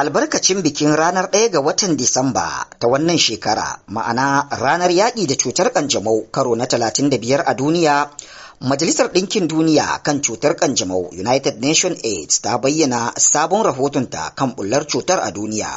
Albarkacin bikin ranar ɗaya ga watan Disamba ta wannan shekara, ma'ana ranar yaƙi da cutar ƙanjamau karo na 35 a duniya, Majalisar Ɗinkin Duniya kan cutar kanjamau United Nations AIDS ta bayyana sabon rahotonta kan bullar cutar a duniya.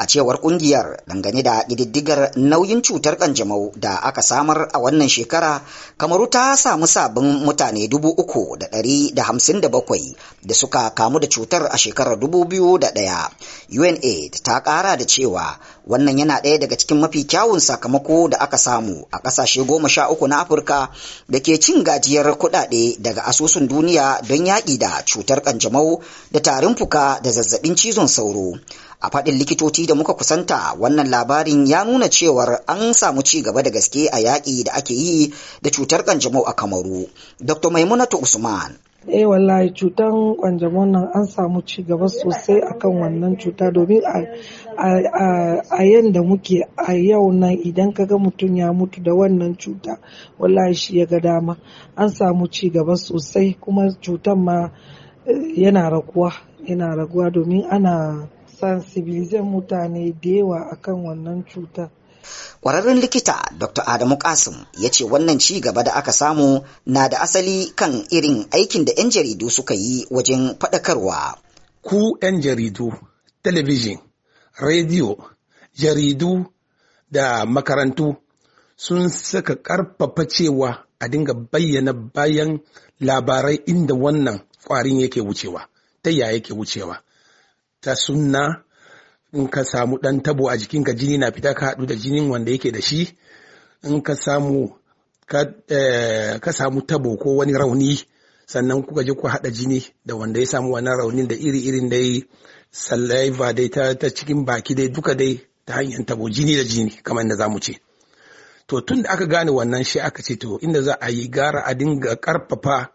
A cewar ƙungiyar dangane da ƙididdigar nauyin cutar kanjamau da aka samar a wannan shekara, Kamaru ta samu sabon mutane dubu uku da ɗari da hamsin da bakwai da suka kamu da cutar a shekarar dubu biyu da ɗaya. UNAID ta ƙara da cewa wannan yana ɗaya daga cikin mafi kyawun sakamako da aka samu a ƙasashe goma sha uku na Afirka da ke cin gajiyar miliyar kuɗaɗe daga asusun duniya don yaƙi da cutar ƙanjamau da tarin fuka da zazzabin cizon sauro a faɗin likitoci da muka kusanta wannan labarin ya nuna cewar an samu ci gaba da gaske a yaƙi da ake yi da cutar ƙanjamau a kamaru dr maimunatu usman eh wallahi cutan kwanjamon nan an samu ci gaba sosai akan wannan cuta domin a yadda muke a yau nan idan kaga mutum ya mutu da wannan cuta wallahi shi ya ga dama an samu ci gaba sosai kuma cutan ma eh, yana raguwa yana raguwa domin ana sansibilizan mutane da yawa akan wannan cutar kwararren likita Dr. Adamu Kasim ya ce wannan ci gaba da aka samu na da asali kan irin aikin da 'yan jaridu suka yi wajen faɗakarwa. Ku 'yan jaridu, talabijin, rediyo, jaridu da makarantu sun saka ƙarfafa cewa a dinga bayyana bayan labarai inda wannan ƙwarin yake wucewa, ta yake wucewa, ta sunna in ka samu ɗan tabo a jikinka jini na fita ka haɗu da jinin wanda yake da shi in ka samu ka eh, samu tabo ko wani rauni sannan kuka je ku haɗa jini da wanda ya samu wannan raunin da iri irin dai saliva dai ta, ta cikin baki dai duka dai ta hanyar tabo jini da jini kamar da zamu ce to tun da aka gane wannan shi aka ce to inda za a yi gara a dinga karfafa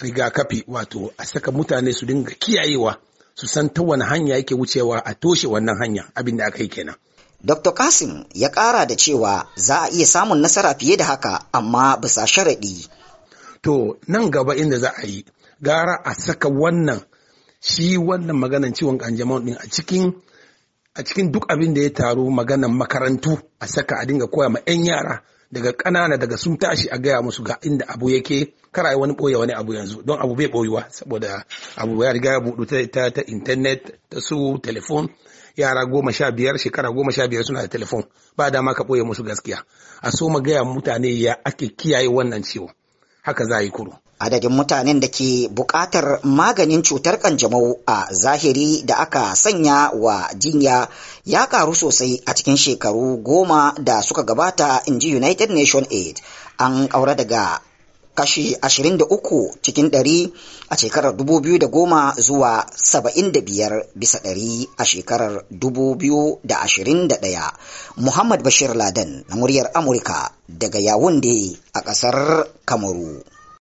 rigakafi wato a saka mutane su dinga kiyayewa su san ta wani hanya yake wucewa a toshe wannan hanya abin da aka yi kenan Dr. Kasim ya ƙara da cewa za a iya samun nasara fiye da haka amma bisa sharaɗi. To nan gaba inda za a yi gara a saka wannan shi wannan maganan ciwon kanjamau ɗin a cikin a cikin duk abin da ya taru maganan makarantu a saka a dinga koya ma 'yan yara daga ƙanana daga sun tashi a gaya musu ga inda abu yake kara wani ɓoye wani abu yanzu don abu bai ɓoyuwa saboda abu ya riga ya buɗu ta ta intanet ta su telefon yara goma sha biyar shekara goma sha biyar suna da telefon ba dama ka ɓoye musu gaskiya a so ma gaya mutane ya ake kiyaye wannan ciwo haka za a yi kuro. adadin mutanen da ke buƙatar maganin cutar kanjamau a zahiri da aka sanya wa jinya ya karu sosai a cikin shekaru goma da suka gabata in ji united nation aid an ƙaura daga kashi 23 cikin 100 a shekarar 2010 zuwa 75 bisa 100 a shekarar 2021 muhammad bashir laden na muryar amurka daga yawunde a ƙasar kamaru